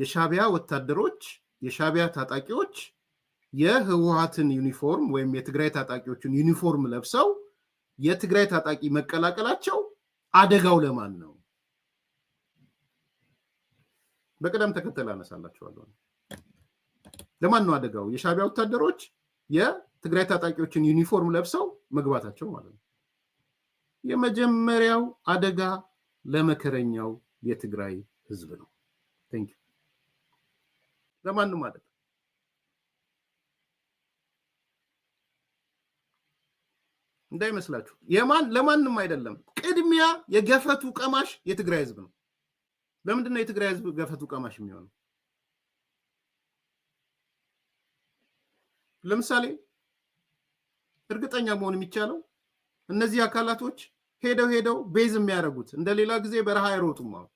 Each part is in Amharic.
የሻቢያ ወታደሮች የሻቢያ ታጣቂዎች የህወሀትን ዩኒፎርም ወይም የትግራይ ታጣቂዎችን ዩኒፎርም ለብሰው የትግራይ ታጣቂ መቀላቀላቸው አደጋው ለማን ነው? በቅደም ተከተል አነሳላችኋለሁ። ለማን ነው አደጋው? የሻቢያ ወታደሮች የትግራይ ታጣቂዎችን ዩኒፎርም ለብሰው መግባታቸው ማለት ነው። የመጀመሪያው አደጋ ለመከረኛው የትግራይ ህዝብ ነው። ቴንክ ዩ ለማንም አይደለም። እንዳይመስላችሁ የማን ለማንም አይደለም። ቅድሚያ የገፈቱ ቀማሽ የትግራይ ህዝብ ነው። ለምንድን ነው የትግራይ ህዝብ ገፈቱ ቀማሽ የሚሆነው? ለምሳሌ እርግጠኛ መሆን የሚቻለው እነዚህ አካላቶች ሄደው ሄደው ቤዝ የሚያደርጉት እንደሌላ ጊዜ በረሃ አይሮጡም አሁን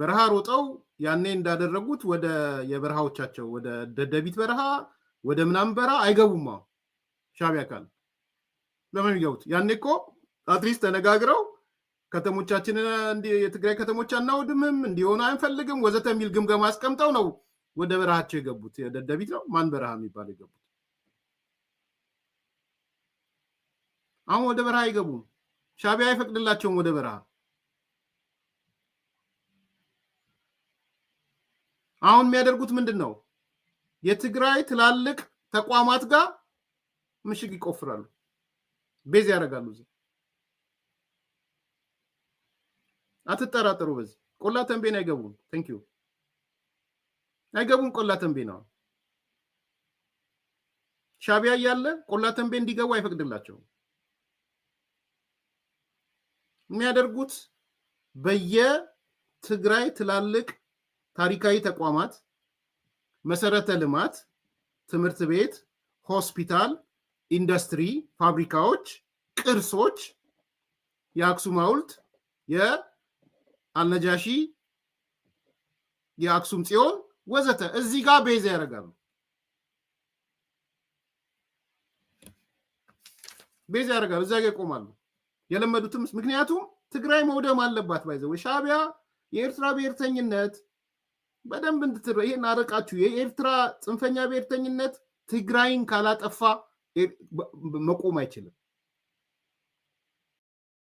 በረሃ ሮጠው ያኔ እንዳደረጉት ወደ የበረሃዎቻቸው ወደ ደደቢት በረሃ ወደ ምናምን በረሃ አይገቡማ። አሁን ካል ለምን የሚገቡት? ያኔ እኮ አትሊስት ተነጋግረው ከተሞቻችንን የትግራይ ከተሞች አናውድምም እንዲሆኑ አንፈልግም ወዘተ የሚል ግምገማ አስቀምጠው ነው ወደ በረሃቸው የገቡት። የደደቢት ነው ማን በረሃ የሚባል የገቡት። አሁን ወደ በረሃ አይገቡም። ሻቢያ አይፈቅድላቸውም ወደ በረሃ አሁን የሚያደርጉት ምንድን ነው? የትግራይ ትላልቅ ተቋማት ጋር ምሽግ ይቆፍራሉ፣ ቤዝ ያደርጋሉ። እዚህ አትጠራጠሩ። በዚህ ቆላ ተንቤን አይገቡም። ተንኪዩ አይገቡም። ቆላ ተንቤ ነው ሻቢያ እያለ ቆላ ተንቤ እንዲገቡ አይፈቅድላቸውም። የሚያደርጉት በየትግራይ ትላልቅ ታሪካዊ ተቋማት፣ መሰረተ ልማት፣ ትምህርት ቤት፣ ሆስፒታል፣ ኢንዱስትሪ፣ ፋብሪካዎች፣ ቅርሶች፣ የአክሱም ሐውልት፣ የአልነጃሺ፣ የአክሱም ጽዮን ወዘተ እዚህ ጋር ቤዝ ያደርጋሉ። ቤዝ ያደርጋሉ፣ እዚያ ጋር ይቆማሉ። የለመዱትም ምክንያቱም ትግራይ መውደም አለባት ባይዘው ሻቢያ የኤርትራ ብሔርተኝነት በደንብ እንድትረ ይሄን አረቃችሁ የኤርትራ ጽንፈኛ ብሔርተኝነት ትግራይን ካላጠፋ መቆም አይችልም።